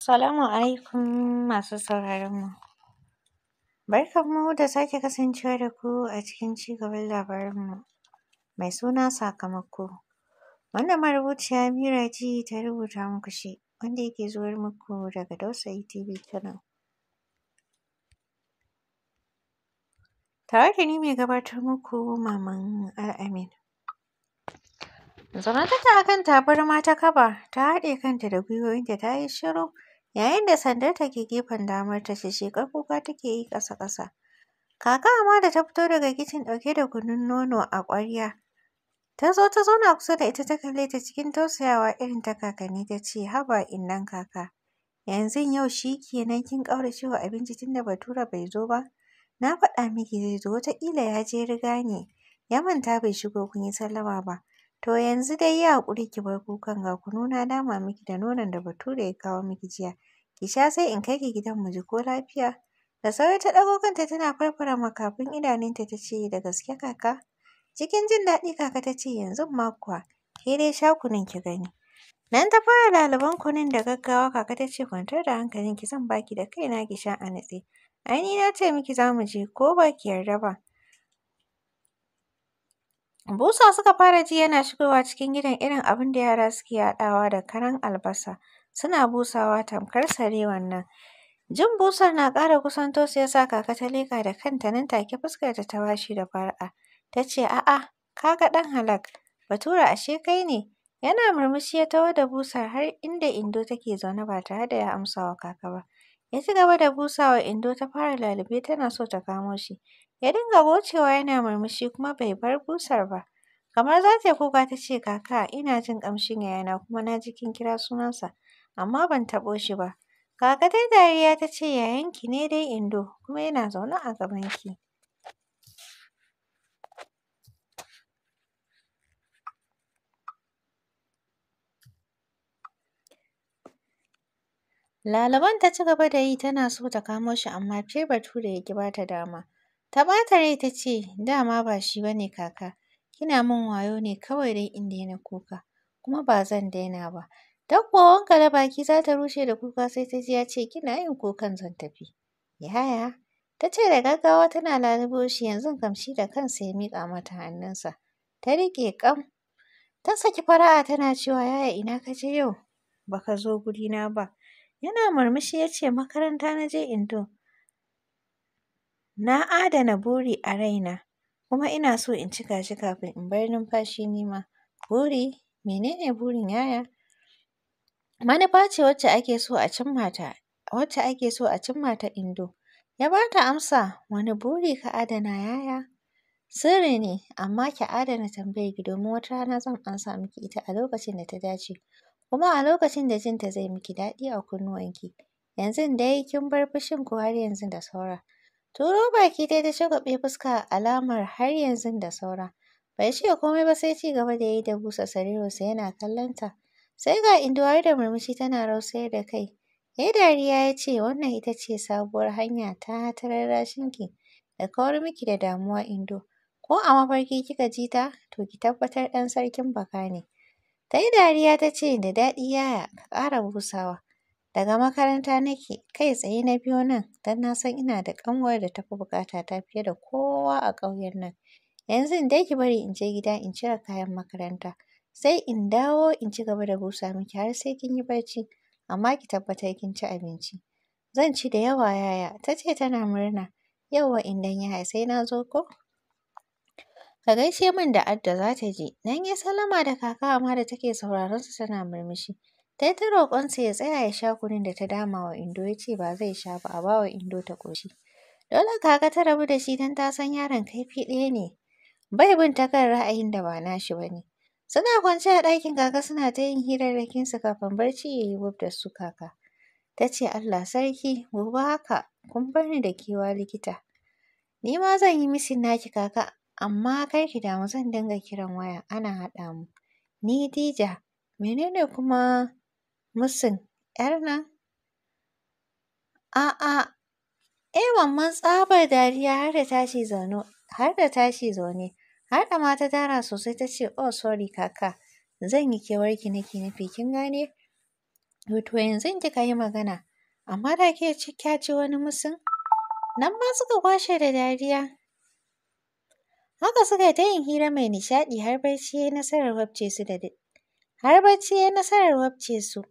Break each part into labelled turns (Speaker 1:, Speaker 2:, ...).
Speaker 1: Salamu alaikum masu sauraron mu. Barkan mu da sake kasancewa da ku a cikin cigaban labarin mu mai suna sakamako. Wannan marubuciya Mira G ta rubuta muku shi wanda yake zuwar muku daga Dausayi TV channel. Tare da ni mai gabatar muku Maman Al'amin. Zaune take kanta kan tabarma ta kaba ta haɗe kanta da gwiwowinta ta yi shiru yayin da sandarta ke gefen damar ta ce shekar kuka take yi ƙasa-ƙasa. Kaka amma da ta fito daga kicin ɗauke da kunun nono a ƙwarya. Ta zo ta zauna kusa da ita ta kalle ta cikin tausayawa irin ta kakanni ta ce haba innan kaka. Yanzu yau shi kenan kin ƙaurace wa abinci tunda Bature bai zo ba. Na faɗa miki zai zo wataƙila ya je riga ne. Ya manta bai shigo kun yi sallama ba. To yanzu dai yi haƙuri ki bar kukan ga kunu na dama miki da nonon da Bature ya kawo miki jiya. Ki sha sai in kai ki gidan mu ji ko lafiya. Da sauri ta ɗago kanta tana farfara makafin idanunta ta ce da gaske kaka. Cikin jin daɗi kaka ta ce yanzu ma kuwa ke dai sha kunun ki gani. Nan ta fara lalaban kunun da gaggawa kaka ta ce kwantar da hankalin ki zan baki da kaina ki sha a natse. Ai ni na ce miki za mu je ko ba ki yarda ba. Busa suka fara ji yana shigowa cikin gidan irin abin da yara suke haɗawa da karan albasa, suna busawa tamkar sare wannan. Jin busar na ƙara kusanto su ya sa kaka ta leƙa da kanta nan take fuskarta ta washe da fara'a. Ta ce, a'a, ka ga ɗan halak, Bature ashe kai ne. Yana murmushi ya taho da busar har inda Indo take zaune ba tare da ya amsa wa kaka ba. Ya ci gaba da busawa Indo ta fara lalube tana so ta kamo shi. Ya dinga gocewa yana murmushi kuma bai bar busar ba. Kamar za ta yi kuka ta ce kaka ina jin ƙamshin yayana kuma na ji kin kira sunansa amma ban taɓo shi ba. Kaka dai dariya ta ce yayanki ne dai Indo kuma yana zaune a gabanki. Lalaban ta ci gaba da yi tana so ta kamo shi amma Febat da ya ƙi ba ta dama. Ta ɓata rai ta ce, dama ba shi ba ne kaka, kina min wayo ne kawai don in daina kuka, kuma ba zan daina ba. Dan kuwa da baki za ta rushe da kuka sai ta ji ya ce kina yin kukan zan tafi. Yaya, ta ce da gaggawa tana lalubo shi yanzu kam shi da kansa ya miƙa mata hannunsa. Ta riƙe ƙam. Ta saki fara'a tana cewa yaya ina ka je yau? Ba ka zo gurina ba. Yana murmushi ya ce makaranta na je Indo. Na adana buri a raina, kuma ina so in cika shi kafin in bar numfashi nima. Buri, menene burin yaya? Manufa ce wacce ake so a cimma ta, wacce ake so a cimma ta Indo. Ya ba ta amsa, Wani buri ka adana yaya?" Sirri ne, amma ki adana tambayar domin wata rana zan amsa miki ita a lokacin da ta dace, kuma a lokacin da jinta zai miki daɗi a kunnuwanki. Yanzu dai kin bar fushin ko har yanzu da saura? Turo baki dai ta shagwaɓe fuska alamar har yanzu da saura. Bai ce komai ba sai ci gaba da yi da busa sarirarsa yana kallonta. Sai ga Induwar da murmushi tana rausayar da kai. Ya dariya ya ce wannan ita ce sabuwar hanya ta ki da kawar miki da damuwa Indo. Ko a mafarki kika ji ta to ki tabbatar ɗan sarkin baka ne. Ta yi dariya ta ce da daɗi yaya ka ƙara busawa. Daga makaranta nake, kai tsaye na biyo nan don na san ina da ƙanwar da ta fi ta fiye da kowa a ƙauyen nan. Yanzun dai ki bari in je gida in cire kayan makaranta, sai in dawo in ci gaba da busa miki har sai kin yi barci, amma ki tabbatar kin ci abinci. Zan ci da yawa yaya, ta ce tana murna. Yauwa dan yaya sai na zo ko? Ka gaishe min da Adda za ta je. Nan ya sallama da kaka Amma da take sauraron su tana murmushi. Ta yi ta roƙonsa ya tsaya ya sha kunun da ta dama wa Indo ya ce ba zai sha ba a ba wa Indo ta ƙoshi. Dole kaka ta rabu da shi don ta san yaron kaifi ɗaya ne. Bai bin ta kan ra'ayin da ba nashi ba ne. Suna kwance a ɗakin kaka suna ta yin hirarrakinsu kafin barci ya yi wuf da su kaka. Ta ce Allah sarki gobe haka kun bar ni da kewa likita. Ni ma zan yi misin naki kaka amma kar ki damu zan dinga kiran waya ana haɗa mu. Ni Dija menene kuma musun ‘yar nan? A'a, eh mamman tsabar dariya har da tashi zaune, har da tashi zaune, har da ma ta dara sosai ta ce oh sorry kaka, zan yi kewarki nake nufi kin gane? To yanzu kika yi magana, amma da ke ci kya wani musun? Nan ma suka kwashe da dariya. Haka suka yi ta yin hira mai nishaɗi har barci ya yi nasarar wabce su da har barci ya yi nasarar wabce su.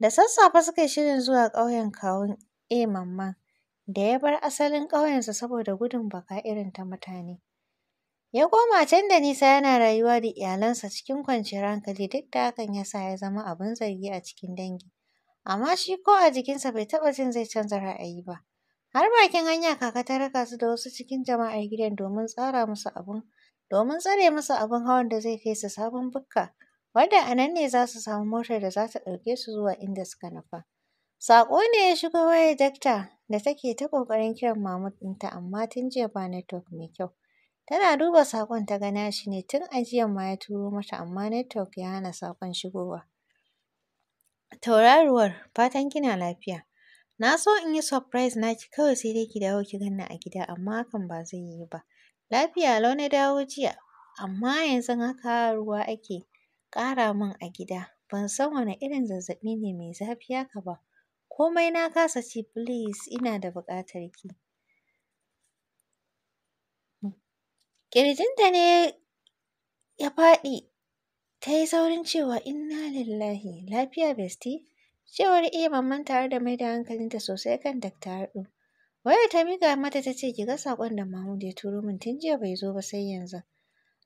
Speaker 1: Da sassafe suka yi shirin zuwa ƙauyen kawun A Mamman da ya bar asalin ƙauyensa saboda gudun baka irin ta mutane. Ya koma can da nisa yana rayuwa da iyalansa cikin kwanciyar hankali duk da hakan ya sa ya zama abin zargi a cikin dangi. Amma shi ko a jikinsa bai taɓa jin zai canza ra'ayi ba. Har bakin hanya kaka ta raka su da wasu cikin jama'ar gidan domin tsara musu abin domin tsare musu abin hawan da zai kai su sabon bukka Wanda a nan ne za su samu motar da za ta ɗauke su zuwa inda suka nufa. Saƙo ne ya shigo wayar dakta da take ta ƙoƙarin kiran Mahmud ɗinta amma tun jiya ba network mai kyau. Tana duba saƙon ta ga shi ne tun a ma ya turo mata amma network ya hana saƙon shigowa. Tauraruwar fatan kina lafiya. Na so in yi surprise naki kawai sai dai ki dawo ki ganni a gida amma hakan ba zai yiwu ba. Lafiya lau na dawo jiya amma yanzu haka ruwa ake. ƙara min a gida. Ban san wani irin zazzaɓi ne mai zafi haka ba. Komai na kasa ci please ina da buƙatar ki. Ƙirjinta ne ya faɗi ta yi saurin cewa inna lillahi lafiya besti. Cewar iya eh, mamman tare da mai da hankalinta sosai kan Dakta Haɗu. Wayar ta miƙa mata ta ce ki ga saƙon da Mahmud ya turo min tun jiya bai zo ba sai yanzu.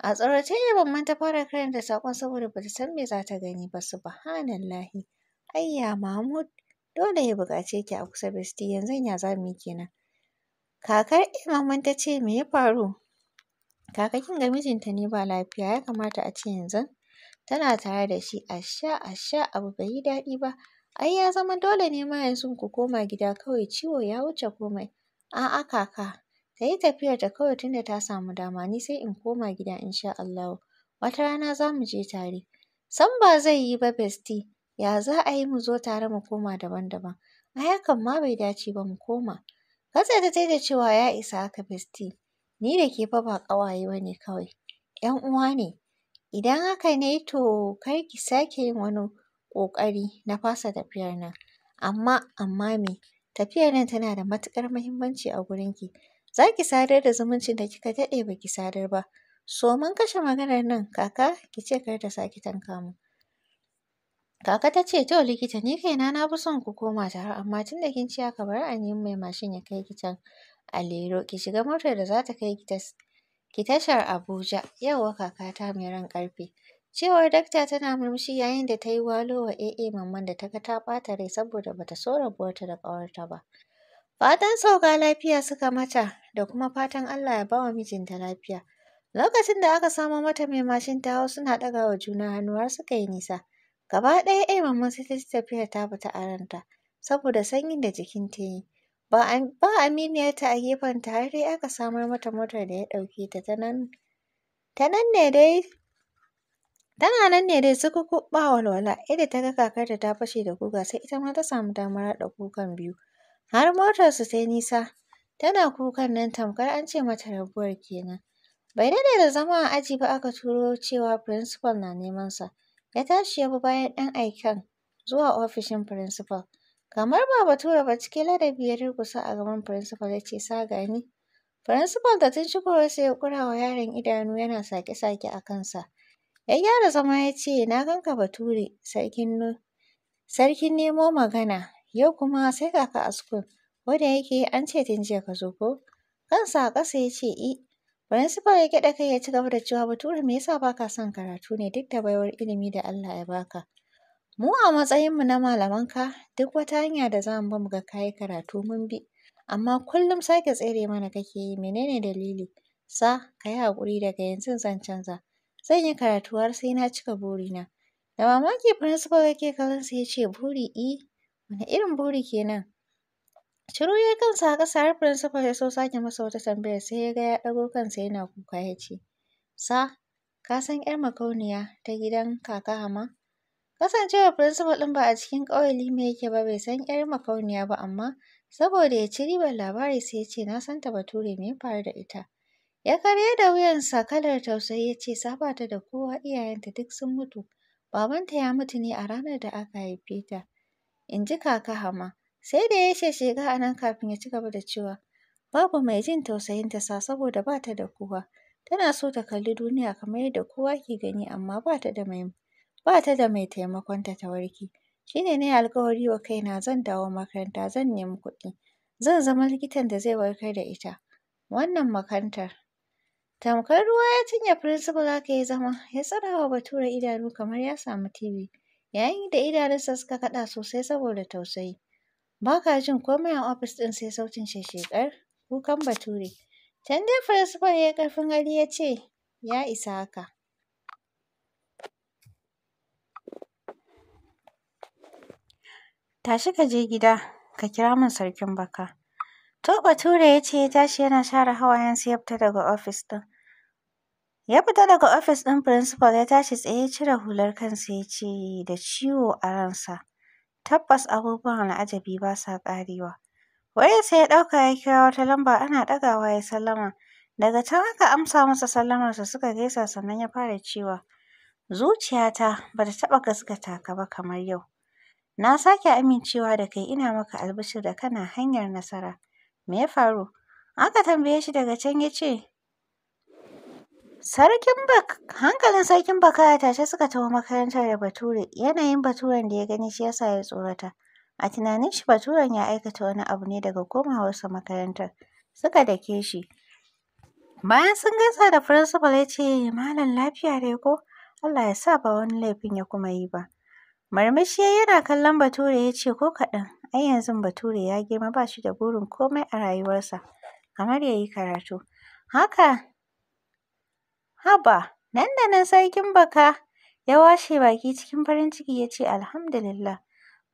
Speaker 1: A tsorace Yabamman ta fara karanta saƙon saboda bata san me za ta gani ba, subhanallahi. Ayya Mahmud, dole ya buƙace ki a kusa shi yanzu ya za mu yi kenan? Kakar imaman ta ce me ya faru? Kaka kin ga mijinta ne ba lafiya, ya kamata a ce yanzu tana tare da shi, asha asha abu bai yi daɗi ba. Ai ya zama dole ne ma yanzu ku koma gida kawai ciwo ya wuce komai. A'a kaka, Ta yi tafiyar ta kawai tunda ta samu dama, ni sai in koma gida in sha Allahu. Wata rana za mu je tare. San ba zai yi ba besti, ya za a yi mu zo tare mu koma daban-daban? Ai hakan ma bai dace ba mu koma. Katse ta da cewa ya isa haka besti, ni da ke fa ba ƙawaye ba ne kawai, ‘yan uwa ne. Idan haka ne to kar ki sake yin wani ƙoƙari na fasa tafiyar nan. Amma, amma me, tafiyar nan tana da matuƙar muhimmanci a ki. za ki sadar da zumuncin da kika daɗe ba ki sadar ba. So mun kashe maganar nan kaka ki ce kar ta sake tanka mu. Kaka ta ce to likita ni kaina na fi son ku koma tare amma tun da kin ci haka bari a nemi mai mashin ya kai ki can a ki shiga motar da za ta kai ki tas ki tashar Abuja kaka kakata mai ran ƙarfi. Cewar dakta tana murmushi yayin da ta yi walo wa AA mamman da ta ga ta ɓata rai saboda bata so rabuwarta da ƙawarta ba. Fatan sauka lafiya suka mata da kuma fatan Allah ya bawa mijinta lafiya. Lokacin da aka samo mata mai mashin ta hau suna ɗaga wa juna hannuwar suka yi nisa. Gaba ɗaya ɗaya mamman sai ta ci tafiya ta fita a ranta saboda sanyin da jikin ta yi. Ba aminiyarta a gefen ta, har dai aka samar mata motar da ya ɗauke ta ta nan ne dai tana nan ne dai suka walwala yadda ta ga kakarta ta fashe da guga sai ita ma ta samu damar haɗa kukan biyu. Har motar motarsu ta nisa, tana kukan nan tamkar an ce mata rabuwar kenan. Bai daɗe da zama a aji ba aka turo cewa firinsifal na neman sa. Ya tashi ya bi bayan ɗan aikin zuwa ofishin firinsifal. Kamar ba Bature ba cikin ladabi ya durƙusa a gaban firinsifal ya ce sa gani. Firinsifal da tun sai ya ƙura wa yaron idanu yana sake-sake a kansa. Ya gyara zama ya ce na ganka Bature, sarkin nemo magana. Yau kuma sai kaka a sukul, wanda yake an ce tun jiya ka zo ko? Kansa a ƙasa ya ce i. Eh. Firinsifal ya gyaɗa kai ya ci gaba da cewa Bature me yasa baka son karatu ne duk da baiwar ilimi da Allah ya baka. Mu a matsayinmu na malamanka duk wata hanya da za mu mu ga ka karatu mun bi. Amma kullum sake tsere mana kake yi menene dalili? Sa ka yi haƙuri daga yanzu zan canza. Zan yi karatu har sai na cika burina. Da mamaki firinsifal yake kallon sa ya ce buri i eh. Wani irin buri kenan? Shiru ya kansa a ƙasa har ya so sake masa wata tambayar sai ya ga ya ɗago kansa yana kuka ya ce, Sa, ka san 'yar makauniya ta gidan kaka Hama? Kasancewar firinsifal ɗin ba a cikin ƙauye lima yake ba bai san 'yar makauniya ba amma saboda ya ci ribar labari sai ya ce na san ta Bature me ya faru da ita. Ya karya da wuyansa kalar tausayi ya ce saba ta da kowa iyayenta duk sun mutu. Babanta ya mutu ne a ranar da aka haife ta. in ji kaka Hama. Sai da ya shiga a nan kafin ya ci gaba da cewa, babu mai jin tausayinta sa saboda ba ta da kowa. Tana so ta kalli duniya kamar yadda kowa ke gani amma ba ta da mai ba ta da mai taimakonta ta warke. Shi ne na yi alkawari wa kaina zan dawo makaranta zan nemi kuɗi. Zan zama likitan da zai warkar da ita. Wannan makantar. Tamkar ruwa ya cinye firinsifal haka ya zama, ya tsira wa Bature idanu kamar ya samu TV. yayin da idanunsa suka kaɗa sosai saboda tausayi. Ba ka jin komai a ofis ɗin sai sautin shekar kukan Bature. Can dai principal ya ƙarfin hali ya ce, ya isa haka. Tashi ka je gida, ka kira min sarkin baka. To Bature ya ce ya tashi yana share hawayen sai daga ofis ɗin. Ya fita daga ofis ɗin firinsifal ya tashi tsaye cire hular kansa ya ce da ciwo a ransa. Tabbas abubuwan al'ajabi ba sa ƙarewa. Wayarsa ya ɗauka ya kira wata lamba ana ɗagawa ya sallama. Daga can aka amsa masa sallamarsa suka gaisa sannan ya fara cewa zuciyata ba ta taɓa gaskata ka ba kamar yau. Na sake amincewa da kai ina maka albishir da kana hanyar nasara. Me ya faru? Aka tambaye shi daga can ya ce Sarkin bak hankalin sarkin baka ya tashi suka taho makarantar da Bature. Yanayin Baturen da ya gani shi yasa ya tsorata. A tunanin shi Baturen ya aikata wani abu ne daga komawarsa makarantar. Suka dake shi. Bayan sun gaisa da firinsifal ya ce, Malam lafiya dai ko? Allah ya sa ba wani laifin ya kuma yi ba. Marmashi yana kallon Bature ya ce ko kaɗan, ai yanzu Bature ya girma ba shi da burin komai a rayuwarsa, kamar ya yi karatu. Haka Haba! Nan da nan Sarkin Baka ya washe baki cikin farin ciki ya ce, Alhamdulillah.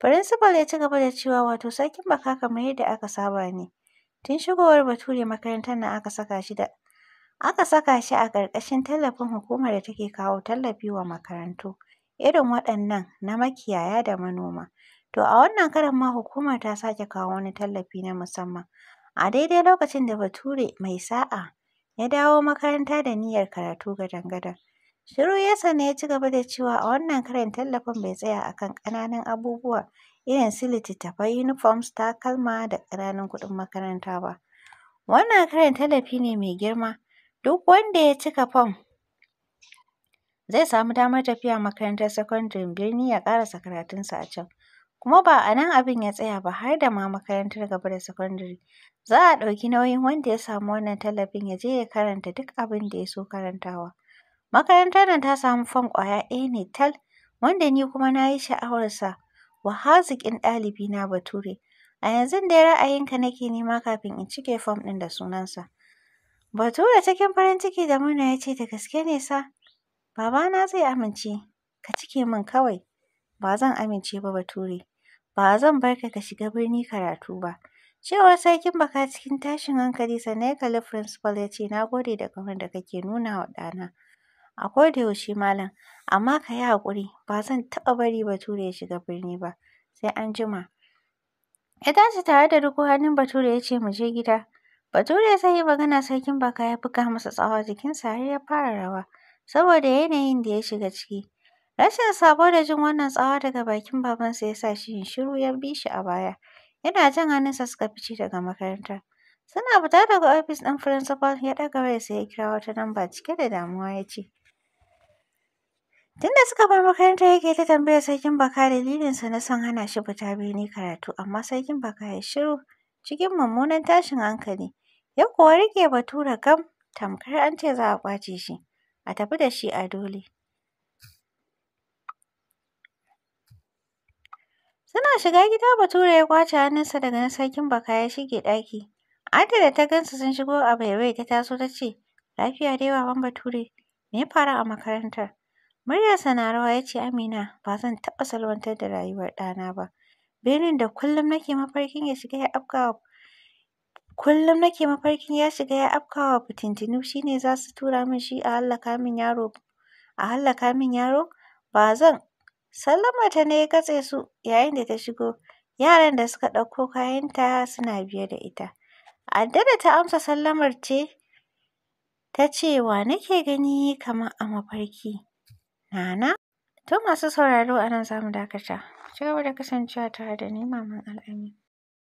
Speaker 1: Firinsifal ya ci gaba da cewa, wato Sarkin Baka kamar yadda aka saba ne. Tun shigowar Bature makarantar na aka saka shi da aka saka shi a ƙarƙashin tallafin hukumar da take kawo tallafi wa makarantu irin waɗannan na makiyaya da manoma. To a wannan karan ma hukumar ta sake kawo wani tallafi na musamman. A daidai lokacin da Bature mai sa'a ya dawo makaranta da niyyar karatu gadan-gadan. Shiru ya sani ya ci gaba da cewa a wannan karin tallafin bai tsaya a kan ƙananan abubuwa irin su littattafai, yunifom, takalma da ƙananan kuɗin makaranta ba. Wannan karin tallafi ne mai girma, duk wanda ya cika fom zai samu damar tafiya makarantar sakandaren birni ya ƙarasa karatunsa a can. Kuma ba a nan abin ya tsaya ba har da ma makarantar gaba da sakandare, za a ɗauki nauyin wanda ya samu wannan tallafin ya je ya karanta duk abin da ya so karantawa. Makarantar nan ta samu fam ƙwaya A ne tal, wanda ni kuma na yi sha'awarsa wa ɗalibi ɗalibina Bature. A yanzun dai ra'ayinka nake nema kafin in cike fom ɗin da sunansa. Bature cikin farin ciki da murna ya ce da gaske ne sa, babana zai amince, ka cike min kawai, ba zan amince ba Bature. ba zan bar ka ka shiga birni karatu ba. Cewar sarkin baka cikin tashin hankali sannan ya kalli firinsifal ya ce na gode da ƙaunar da kake nuna wa ɗana. A koda yaushe malam, amma ka yi haƙuri ba zan taɓa bari Bature ya shiga birni ba, sai an jima. Ya tashi tare da duk hannun Bature ya ce mu je gida. Bature ya yi magana sarkin baka ya buga masa tsawa jikinsa har ya fara rawa saboda yanayin da ya shiga ciki. Rashin sabo da jin wannan tsawa daga bakin babansa ya sa shi yin shiru ya bi shi a baya. Yana jan hannunsa suka fice daga makaranta, Suna fita daga ofis ɗin firinsifal ya ɗaga wayarsa ya kira wata lamba cike da damuwa ya ce. Tunda suka bar makarantar yake ta tambayar sarkin baka dalilinsa na son hana shi fita birni karatu amma sarkin baka ya shiru cikin mummunan tashin hankali. yau kuwa riƙe Bature kam tamkar an ce za a ƙwace shi, a tafi da shi a dole. Suna shiga gida Bature ya kwace hannunsa daga na sarkin baka ya shige ɗaki. Adada da ta gansu sun shigo a baibai ta taso ta ce, Lafiya dai baban Bature, me ya faru a makarantar? Muryarsa na rawa ya ce, Amina, ba zan taɓa salwantar da rayuwar ɗana ba. Benin da kullum nake mafarkin ya shiga ya afkawa kullum nake mafarkin ya shiga ya afkawa fitintinu shine za su tura min shi a hallaka min yaro a hallaka min yaro ba zan Sallamarta ne ya katse su yayin da ta shigo, yaran da suka ɗauko kayanta suna biye da ita. Adda da ta amsa sallamar ce ta ce wa nake gani kamar a mafarki. Nana? To masu sauraro a nan za mu dakata. Ci da kasancewa tare da ni Maman Al'amin.